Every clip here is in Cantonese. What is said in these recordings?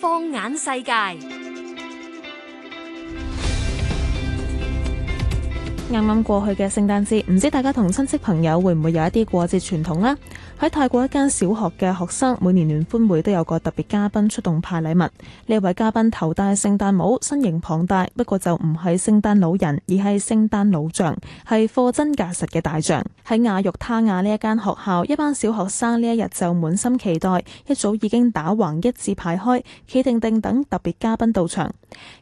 放眼世界。啱啱過去嘅聖誕節，唔知大家同親戚朋友會唔會有一啲過節傳統呢？喺泰國一間小學嘅學生，每年聯歡會都有個特別嘉賓出動派禮物。呢位嘉賓頭戴聖誕帽，身形龐大，不過就唔係聖誕老人，而係聖誕老象，係貨真價實嘅大象。喺亞玉他亞呢一間學校，一班小學生呢一日就滿心期待，一早已經打橫一字排開，企定定等特別嘉賓到場。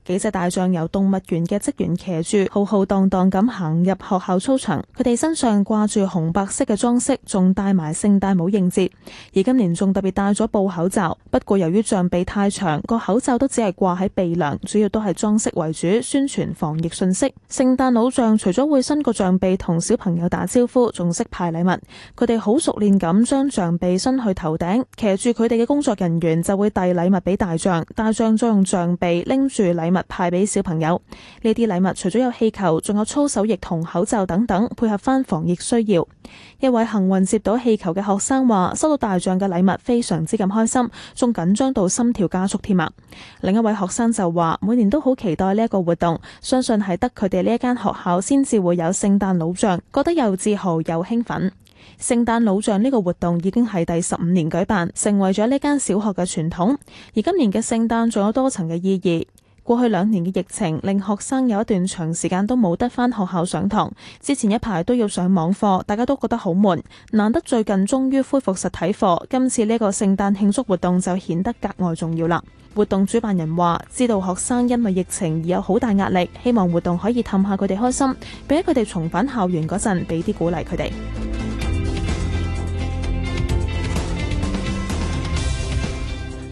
幾隻大象由動物園嘅職員騎住，浩浩蕩蕩咁，行入學校操場，佢哋身上掛住紅白色嘅裝飾，仲戴埋聖誕帽應節。而今年仲特別戴咗布口罩，不過由於象鼻太長，個口罩都只係掛喺鼻樑，主要都係裝飾為主，宣傳防疫信息。聖誕老象除咗會伸個象鼻同小朋友打招呼，仲識派禮物。佢哋好熟練咁將象鼻伸去頭頂，騎住佢哋嘅工作人員就會遞禮物俾大象，大象再用象鼻拎住禮物派俾小朋友。呢啲禮物除咗有氣球，仲有粗手。疫同口罩等等配合翻防疫需要。一位幸運接到氣球嘅學生話：收到大象嘅禮物非常之咁開心，仲緊張到心跳加速添啊！另一位學生就話：每年都好期待呢一個活動，相信係得佢哋呢一間學校先至會有聖誕老象，覺得又自豪又興奮。聖誕老象呢個活動已經係第十五年舉辦，成為咗呢間小學嘅傳統。而今年嘅聖誕仲有多層嘅意義。過去兩年嘅疫情令學生有一段長時間都冇得翻學校上堂，之前一排都要上網課，大家都覺得好悶。難得最近終於恢復實體課，今次呢個聖誕慶祝活動就顯得格外重要啦。活動主辦人話：知道學生因為疫情而有好大壓力，希望活動可以氹下佢哋開心，俾佢哋重返校園嗰陣俾啲鼓勵佢哋。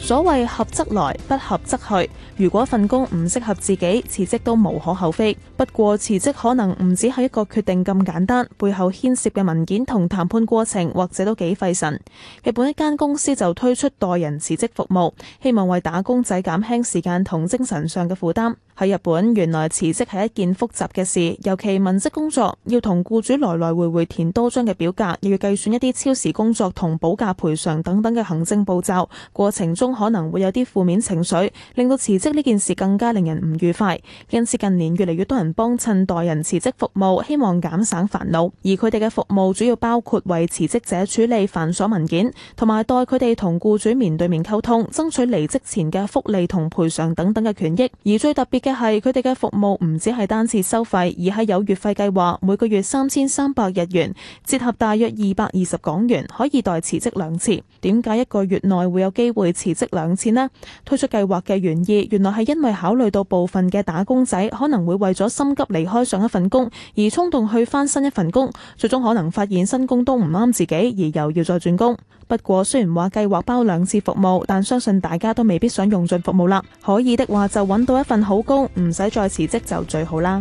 所謂合則來，不合則去。如果份工唔適合自己，辭職都無可厚非。不過辭職可能唔只係一個決定咁簡單，背後牽涉嘅文件同談判過程，或者都幾費神。日本一間公司就推出代人辭職服務，希望為打工仔減輕時間同精神上嘅負擔。喺日本，原來辭職係一件複雜嘅事，尤其文職工作要同僱主來來回回填多張嘅表格，又要計算一啲超時工作同補假賠償等等嘅行政步驟，過程中可能會有啲負面情緒，令到辭職呢件事更加令人唔愉快。因此近年越嚟越多人幫襯代人辭職服務，希望減省煩惱。而佢哋嘅服務主要包括為辭職者處理繁瑣文件，同埋代佢哋同僱主面對面溝通，爭取離職前嘅福利同賠償等等嘅權益。而最特別嘅一係佢哋嘅服務唔止係單次收費，而係有月費計劃，每個月三千三百日元，折合大約二百二十港元，可以代辭職兩次。點解一個月內會有機會辭職兩次呢？推出計劃嘅原意，原來係因為考慮到部分嘅打工仔可能會為咗心急離開上一份工而衝動去翻新一份工，最終可能發現新工都唔啱自己，而又要再轉工。不過，雖然話計劃包兩次服務，但相信大家都未必想用盡服務啦。可以嘅話，就揾到一份好工，唔使再辭職就最好啦。